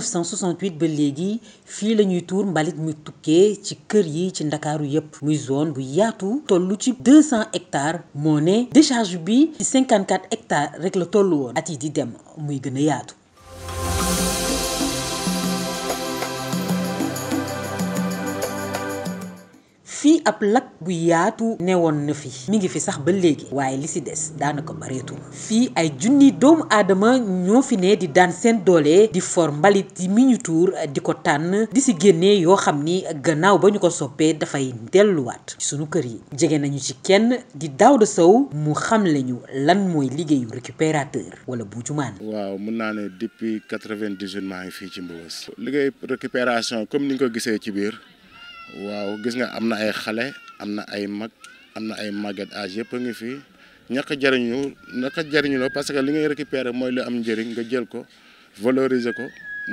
1968 ba léegi fii la ñuy tuur mbalit mi tukkee ci kër yi ci ndakaaru yépp muy zone bu yaatu toll ci 200 hectares moo ne décharge bi ci hectare hectares rek la tollu woon at yi di dem muy gën a yaatu fii ab lak bu yaatu newoon na fi mi ngi fi sax ba léegi waaye li si des daanaka bareetul fii ay junni doomu aadama ñoo fi ne di daan seen doole di for mbalit yi mi ñu tuur di ko tànn di si génnee yoo xam ni gannaaw ba ñu ko soppee dafay delluwaat sunu kër yi jege nañu ci kenn di daaw da Sow mu xam lañu lan mooy liggéeyu récupérateur wala buujumaan waaw mun naa ne depuis quatre vingt dix maa ngi fii ci Mbeubeuss liggéey récupération comme ni nga ko gisee ci biir waaw gis nga am na ay xale am na ay mag am na ay màgget âge yëpp ngi fi ñàkk jariñu ñàkk jariñu la parce que li ngay récupérer mooy lu am njëriñ nga jël ko valoriser ko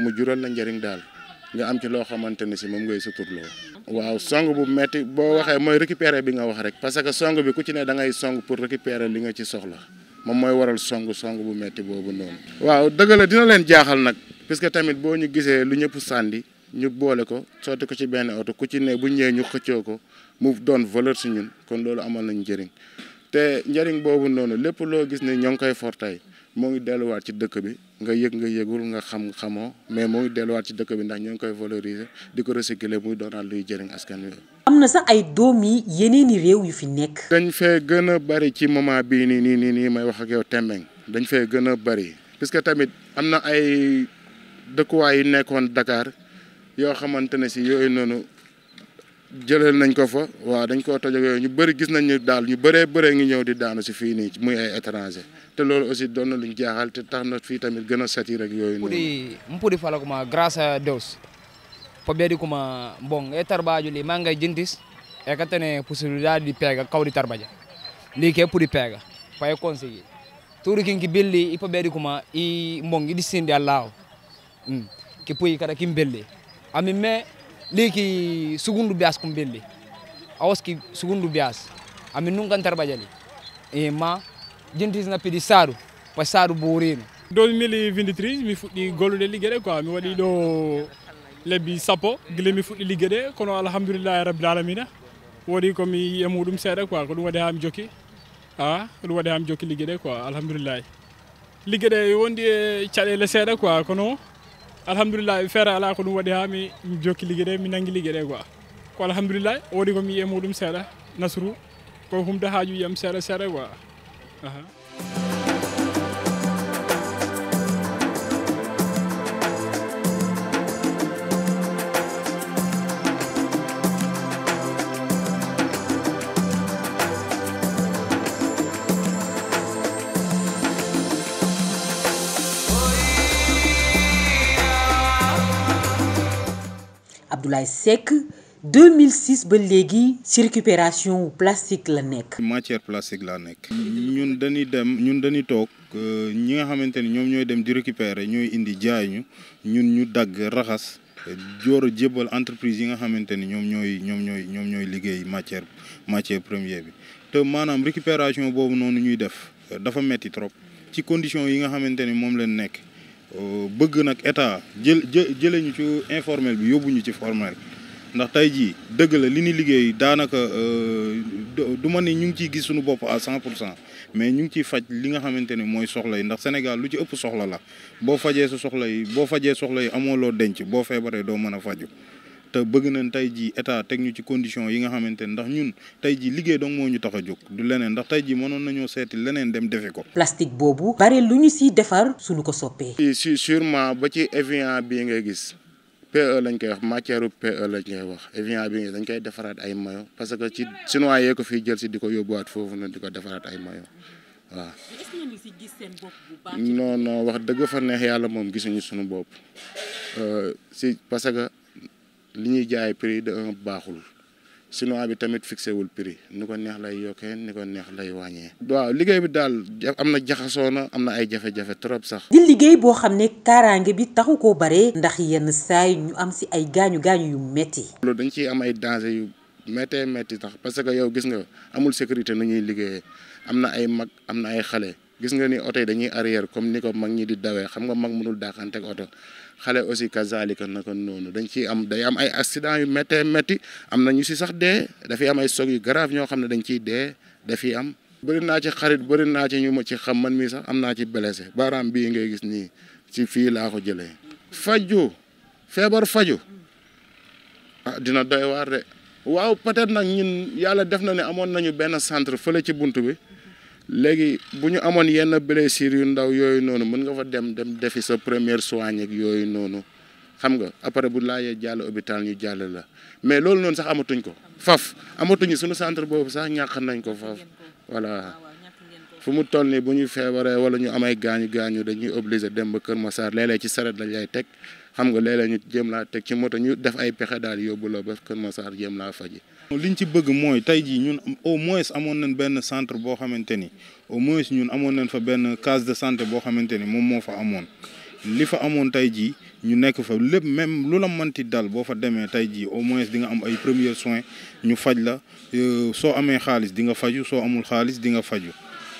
mu jural la njëriñ daal nga am ci loo xamante ne si moom ngay suturloo. waaw song bu metti boo waxee mooy récupérer bi nga wax rek parce que song bi ku ci ne da ngay song pour récupérer li nga ci soxla moom mooy waral song song bu metti boobu noonu. waaw dëgg la dina leen jaaxal nag parce que tamit boo ñu gisee lu ñëpp sànni. ñu boole ko sotti ko ci benn oto ku ci ne bu ñëwee ñu xëccoo ko mu doon valeur si ñun kon loolu amoon nañ njëriñ te njëriñ boobu noonu lépp loo gis ne ñoo ngi koy fortay moo ngi delluwaat ci dëkk bi nga yëg nga yëgul nga xam xamoo mais moo delluwaat ci dëkk bi ndax ñoo ngi koy valoriser di ko recycler muy doonaat luy jëriñ askan wi. am na sax ay doom yi yeneen réew yu fi nekk. dañ fee gën a bari ci moment bii nii nii nii nii may wax ak yow Temeng dañ fee gën a bari parce que tamit am na ay dëkkuwaay yu nekkoon dakaar yoo xamante ne si yooyu noonu jëleel nañ ko fa waaw dañ ko toj yooyu ñu bëri gis nañ ñu daal ñu bëree bëree ngi ñëw di daanu si fii nii muy ay étranger te loolu aussi doon na luñ jaaxal te tax na fii tamit gën a sati rek yooyu noonu mpudi fala kuma grâce a Deus pobedi kuma bon e tarbajuli manga jintis e katene pusulu daadi pega kawdi tarbaja ndi ke pudi pega paye conseiller turi kinki belli i pobedi kuma i mbon iɗi sindi allahu hmm. ki puyi kada kin belli amimme liki sugundu bias kumbelli awoski sugundu bias ami nungan tarbajali e ma jentisna pidi saru pa saru borino 2023 mi fuɗɗi gollude ligguey ɗe quoi mi waɗi ɗo lebbi sappo guila mi fuɗɗi ligguey ɗe kono alhamdoulillahi rabbil alamina waɗi komi yi e muɗum seeɗa quoi ko ɗum waɗi hami jokki jokki ligguey ɗe quoi alhamdoulillahi ligguey ɗe wondi e caɗele seeɗa quoi kono alhamdulillahi feere ala ko ɗum waɗi ha mi jokki ligguey mi nanggui ligguey ɗe ko alhamdulillahi o waɗi komi yiye muɗum seeɗa nasru ko humde haajuji am seeɗa seeɗa quoi Abdoulaye Seck 2006 ba léegi ci récupération wu plastique la nekk. matière plastique laa nekk. ñun dañuy dem ñun dañuy toog euh, ñi nga xamante ni ñoom ñooy dem di récupérer ñooy indi jaay ñu ñun ñu dagg raxas. joor a jébbal entreprise yi nga xamante ni ñoom ñooy ñoom ñooy ñoom ñooy liggéey matière matière première bi te maanaam récupération boobu noonu ñuy def dafa metti trop ci condition yi nga xamante ni moom lañ nekk bëgg nag état jël jëlee ñu ci informel bi yóbbu ñu ci formel ndax tey jii dëgg la li ñu liggéey daanaka euh, du ma ne ñu ngi ciy gis suñu bopp à cent pour cent mais ñu ngi ciy faj li nga xamante ne mooy soxla yi ndax Sénégal lu ci ëpp soxla la boo fajee sa soxla yi boo fajee soxla yi amoo loo denc boo feebaree doo mën a faju te bëgg nañ tey jii état teg ñu ci condition yi nga xamante ne ndax ñun tey jii liggéey dong moo ñu tax a jóg du leneen ndax tey jii mënoon nañoo seeti leneen dem defe ko. plastique boobu. bare lu ñu siy defar suñu ko soppee. si ba ci évian bi ngay gis. PE lañ koy wax matière PE lañ koy wax évian bi dañ koy defaraat ay mayo parce que ci chinois yee ko fiy jël si di ko yóbbuwaat foofu na di ko defaraat ay mayo waaw. non no wax dëgg fa neex yàlla moom gisuñu suñu bopp euh, si li ñuy jaay prix de un baaxul chinois bi tamit fixé wul prix ni ko neex lay yokkee ni ko neex lay wàññee. waaw liggéey bi daal am na jaxasoo na am na ay jafe-jafe trop sax. di liggéey boo xam ne kaaraange bi taxu koo bare. ndax yenn saay ñu am si ay gaañu gaañu yu metti loolu dañ ciy am ay danger yu méttee métti tax parce que yow gis nga amul sécurité nu ñuy liggéeyee am na ay mag am na ay xale. gis nga ni oto yi dañuy arrière comme ni ko mag ñi di dawee xam nga mag mënul daaxanteeg oto xale aussi kazalika naka noonu dañ ciy am day am ay accident yu méttee métti am na ñu si sax dee dafay am ay choc yu grave ñoo xam ne dañ ciy dee dafi am. bëri naa ci xarit bëri naa ci ñu ma ci xam man mii sax am naa ci blessé baaraam bii ngay gis nii ci fii laa ko jëlee. faju feebar faju ah dina doy waar de waaw peut-être nag ñun yàlla def na ne amoon nañu benn centre fële ci bunt bi. léegi bu ñu amoon yenn blessure yu ndaw yooyu noonu mën nga fa dem dem defi sa première soigne ak yooyu noonu xam nga après bu laajee jàll hôpital ñu jàll la mais loolu noonu sax amatuñ ko faf amatuñu suñu centre boobu sax ñàkk nañ ko faf voilà fu mu toll nii bu ñu feebaree wala ñu amay gaañu gaañu dañuy obligé dem ba Kër Massar léeg-léeg ci saret lañ ay teg xam nga léeg-léeg ñu jéem laa teg ci moto ñu def ay pexe daal yóbbu la ba Kër Massar jéem laa faji liñ ci bëgg mooy tey jii ñun au moins amoon nañ benn centre boo xamante ni au moins ñun amoon nañ fa benn case de santé boo xamante ni moom moo fa amoon li fa amoon tey jii ñu nekk fa lépp même lu la mënti dal boo fa demee tey jii au moins di nga am ay premier soins ñu faj la euh, soo amee xaalis di nga faju soo amul xaalis di nga faju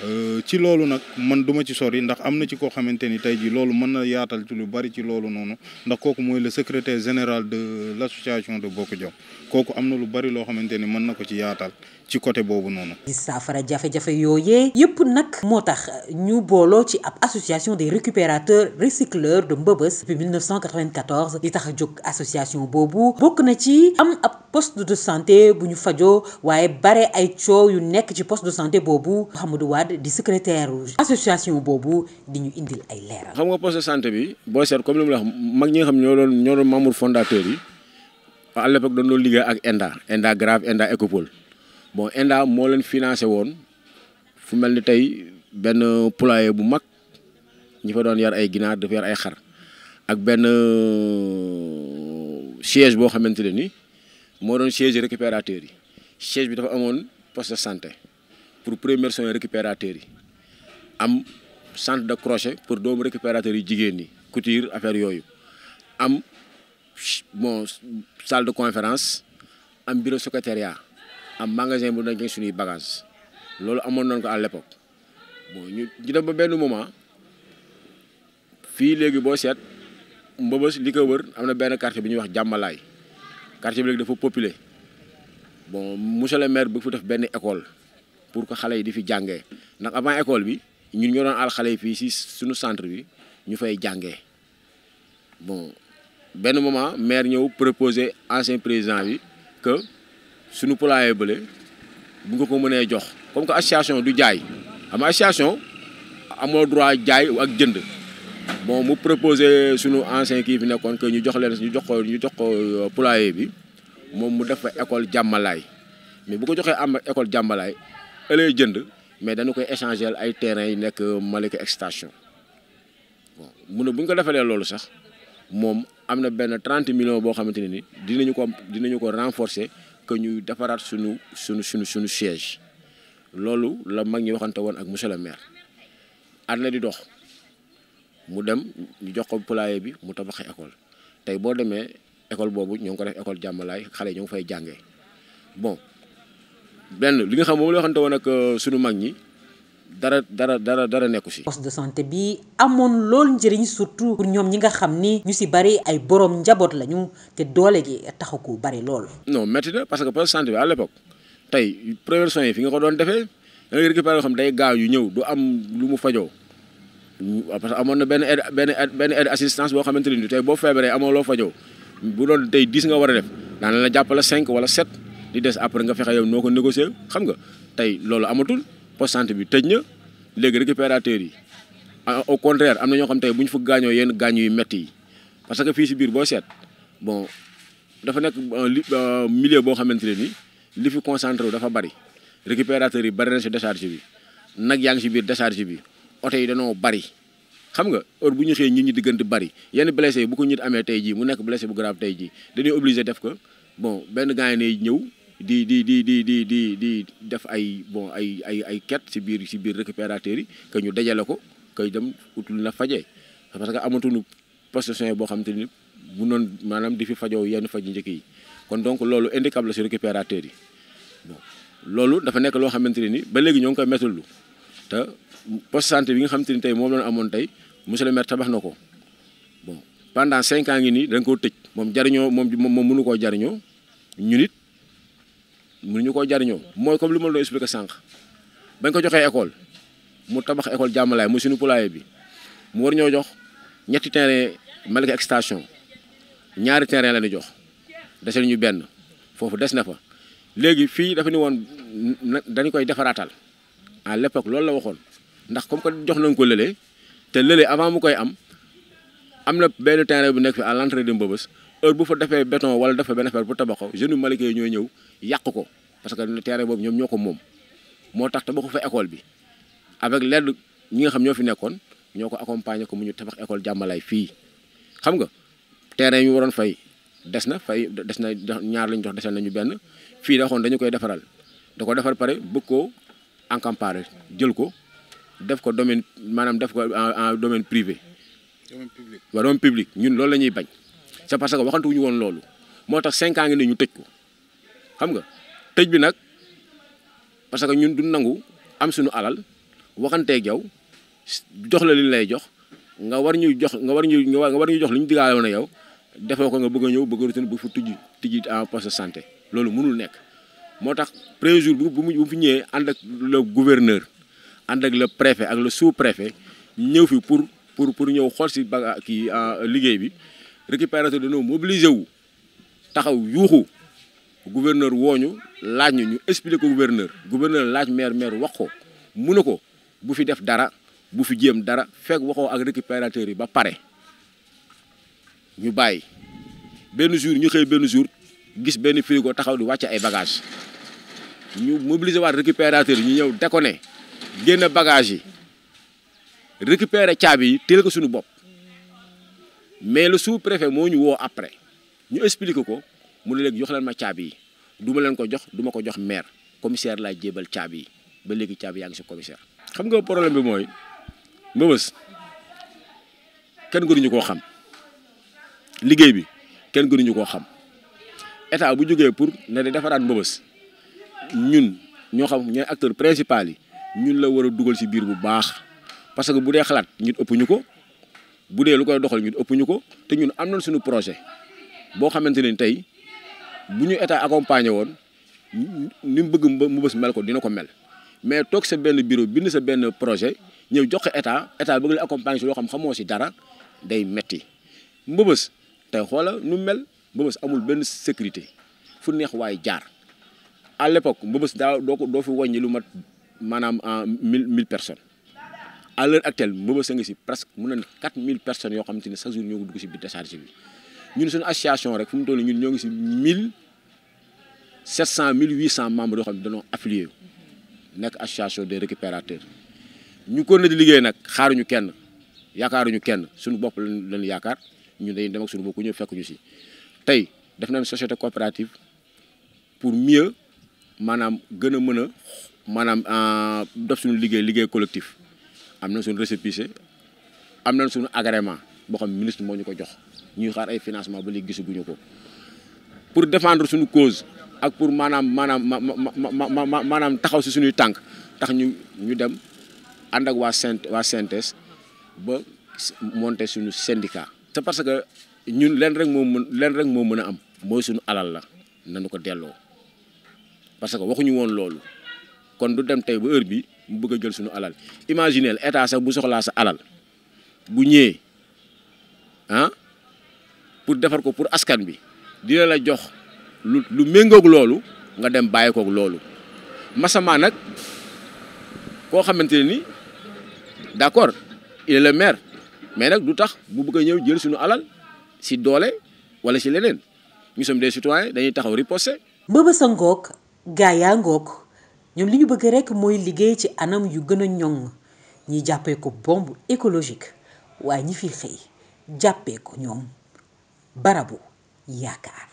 Euh, ci loolu nag man duma ci sori ndax am na ci koo xamante ni tey jii loolu mën na yaatal ci lu bari ci loolu noonu ndax kooku mooy le secrétaire général de l'association de Bokk Jom kooku am na lu bari loo xamante ni mën na ko ci yaatal ci côté boobu noonu. saafara jafe-jafe yooyee. yëpp nag moo tax ñu booloo ci ab association des récupérateurs recycleurs de Mbeubeuss depuis 1994 li tax a jóg association boobu bokk na ci am ab post de santé bu ñu fajoo waaye bare ay coow yu nekk ci poste de santé boobu Mouhamadou Wade Wade di secrétaire association boobu di ñu indil ay leeral. xam nga poste de santé bi boo seet comme li mu la wax mag ñi nga xam ñoo doon ñoo doon membre fondateur yi à l'époque doon doon liggéey ak ENDA ENDA Grave ENDA Ecopole bon ENDA moo leen financer woon fu mel ni tey benn poulailler bu mag ñi fa doon yar ay ginaar dafa yar ay xar ak benn euh, siège boo xamante ne ni moo doon siège récupérateur yi siège bi dafa amoon poste de santé. pour premiers soins récupérateurs yi am centre de crochet pour doomu récupérateurs yi jigéen ñi couture affaire yooyu am bon salle de conférence am bureau secrétariat am magasin bu dañ koy suñuy bagage loolu amoon nañ ko à l'époque bon ñu ñu dem ba benn moment fii léegi boo seet Mbëbës li ko wër am na benn quartier bi ñuy wax jàmmalaay quartier bi léegi dafa populé bon monsieur le maire bu fa def benn école pour que xale yi di fi jànge ndax avant école bi ñu ñoo doon xale yi fii si suñu centre bi ñu fay jàngee bon benn moment maire ñëw proposé ancien président bi que suñu poulailler bële bu nga ko mënee jox comme que association du jaay xam nga association amoo droit jaay ak jënd bon mu proposé sunu ancien kii fi nekkoon que ñu jox leen ñu jox ko ñu jox ko euh, poulailler bi moom mu def fa école jàmmalaay mais bu ko joxee am école jàmmalaay ëllee jënd mais dañu koy échanger ay terrains yi nekk Malika extension bon mu ne bu ñu ko defalee loolu sax moom am na benn trente millions boo xamante ne ni dinañu ko dinañu ko renforcer que ñuy defaraat suñu suñu suñu suñu siège loolu la mag ñi waxante woon ak monsieur le maire at na di dox mu dem ñu jox ko poulailler bi mu tabax école tey boo demee école boobu ñoo ngi ko def école jàmmalaay xale ñoo ngi fay jàngee bon. benn li nga xam moom la waxante woon ak euh, sunu mag ñi dara dara dara dara nekku si. poste de santé bi amoon lool njëriñ surtout. pour ñoom ñi nga xam ni. ñu si bari ay borom njaboot lañu te doole gi taxu ko bari lool. non métti na parce que poste de santé bi à l'époque tey premiers soins fi nga ko doon defee da ngay récupérer xam day gaaw yu ñëw du am lu mu fajoo. parce que amoon na benn aide benn aide benn boo xamante ne tey boo feebaree amoo loo fajoo bu doon tey nga war a def daan la jàppale cinq wala sept. li des après nga fexe yow noo ko négocier xam nga tey loolu amatul poste santé bi tëj na léegi récupérateur yi au contraire am na ñoo xam tey bu ñu fa gaañoo yenn gaañu yu metti yi parce que fii si biir boo seet bon dafa nekk euh, euh, milieu boo xamante ne ni li fi concentré dafa bari récupérateur yi bari na si décharge bi nag yaa ngi si biir décharge bi oto yi danoo bari xam nga heure bu ñu xëyee nit ñi diggante bari yenn blessé yi bu ko nit amee tey jii mu nekk blessé bu grave tey jii dañuy obligé def ko benn gaañ di di di di di di di def ay bon ay ay ay ket ci biir si biir récupérateurs yi que ñu dajale ko kay dem ut lu na faje parce que amatuñu poste de soins boo xam ni bu maanaam di fi fajoo yenn faj njëkk yi kon donc loolu handicap la si récupérateurs yi bon loolu dafa nekk loo xamante ne ni ba léegi ñoo ngi koy méttiwul te poste santé bi nga xamante ni tey moom la amoon tey monsieur le maire tabax na ko bon pendant cinq ans ngi nii dañ koo tëj moom jariñoo moom moom mënu koo jariñoo ñun it mënuñu koo jariñoo mooy comme li ma la doon expliqué sànq bañ ko joxee école mu tabax école jàmmalaay mu suñu poulailler bi mu war ñoo jox ñetti terrain malk extension ñaari terrain la ñu jox dese ñu benn foofu des na fa léegi fii dafa ni woon dañu koy defaraatal à l'époque loolu la waxoon ndax comme que jox nañ ko lële te lële avant mu koy am am na benn terrain bu nekk fi à l'entrée de Mbeubeuss heure bu fa defee béton wala dafa benn affaire bu tabax ko jeunes yu Malika yi ñëw yàq ko parce que terrain boobu ñoom ñoo ko moom moo tax tabaxu fa école bi avec l'aide ñi nga xam ñoo fi nekkoon ñoo ko accompagner ko mu ñu tabax école jàmmalaay fii xam nga terrain yi waroon fay des na fay des na ñaar lañ jox desal nañu benn fii da waxoon dañu koy defaral da ko defar pare bëgg koo encamparer jël ko def ko domaine maanaam def ko en domaine privé. domaine public waaw domaine ñun loolu la ñuy bañ. c'est parce que ñu woon loolu moo tax cinq ans ngi ni ñu tëj ko xam nga tëj bi nag parce que ñun du nangu am suñu alal waxanteeg yow jox la li lay jox nga war ñuy jox nga war ñuy nga war ñuy jox li ñu diggaaloon na yow defoo ko nga bëgg a ñëw bëgg a rutin bu fu tijji tijji en poste de santé loolu mënul nekk moo tax premier jour bu bu fi ñëwee ànd ak la gouverneur ànd ak le préfet ak le sous préfet ñëw fi pour pour pour ñëw xool si baga kii euh, liggéey bi récupération dañoo mobiliser wu taxaw yuuxu gouverneur wooñu laaj ñu ñu ko gouverneur gouverneur laaj maire maire wax ko mu ne ko bu fi def dara bu fi jéem dara fekk waxoo ak récupérateur yi ba pare ñu bàyyi benn jour ñu xëy benn jour gis benn frigo taxaw di wàcc ay bagage ñu mobiliser waat récupérateur yi ñu ñëw déconné génn bagage yi récupérer caabi yi téel ko suñu bopp mais le sous-préfet moo ñu woo après ñu expliqué ko mu ne léegi jox leen ma caabi yi du leen ko jox duma ko jox maire commissaire laa jébal caabi yi ba léegi caabi yaa ngi si commissaire. xam nga problème mooy Mbeubeuss kenn gënuñu koo xam liggéey bi kenn gënuñu koo xam état bu jógee pour ne de defaraat Mbeubeuss ñun ñoo xam ñooy acteur principal yi ñun la war a dugal si biir bu baax parce que bu dee xalaat ñun ëpp ñu ko. bu dee lu koy doxal ñun ëpp ñu ko te ñun am na sunu projet boo xamante ne tey bu ñu état accompagné woon ni mu bëgg mu bës mel ko dina ko mel mais toog sa benn bureau bind sa benn projet ñëw jox ko état état bëgg la accompagner si loo xam xamoo si dara day metti mbëbës te xoola nu mel mbëbës amul benn sécurité fu neex waaye jaar à l'époque mbëbës daa doo ko doo fi wàññi lu mat maanaam mille mille personnes à l'heure actuelle Mbeubeuss a ngi si presque mun na 4000 personnes yoo xamante ne chaque jour ñoo ngi dugg si biir décharge bi ñun suñu association rek fu mu toll ñun ñoo ngi si 1700 1800 membres yoo xam ne dañoo affilié nekk association des récupérateurs ñu ko na di liggéey nag xaaruñu kenn yaakaaruñu kenn suñu bopp lañ lañ yaakaar ñu dañuy dem ak suñu bopp ku ñëw fekk ñu si tey def nañ société coopérative pour mieux maanaam gën a mën a maanaam euh, def suñu liggéey liggéey collectif am na suñu récépissé am na suñu agrément boo xam ministre moo ñu ko jox ñuy xaar ay financement ba léegi gisaguñu ko pour défendre suñu cause ak pour maanaam maanaam ma maanaam taxaw si suñuy tànk tax ñu ñu dem ànd ak waa Syn waa Synthèse ba monter suñu syndicat. c'est parce que ñun leen rek moo mën leen rek moo mën a am mooy suñu alal la na nu ko delloo parce que waxuñu woon loolu kon du dem tey ba heure bi mu bëgg a jël suñu alal imagineel état sax bu soxlaa sa alal bu ñëwee ah pour defar ko pour askan bi dina la jox lu lu loolu nga dem bàyyi koog loolu Massama nag koo xamante ne ni d'accord il est le maire mais nag du tax bu bugg a ñëw jël suñu alal si doole wala si leneen ñu sommes des citoyens dañuy taxaw riposter. mbëbës a ngoog gaa yaa ngoog ñoom li ñu bëgg rekk mooy liggéey ci anam yu gën a ñoŋ ñi jàppee ko bombe écologique waaye ñi fi xëy jàppee ko ñoom barabu yaakaar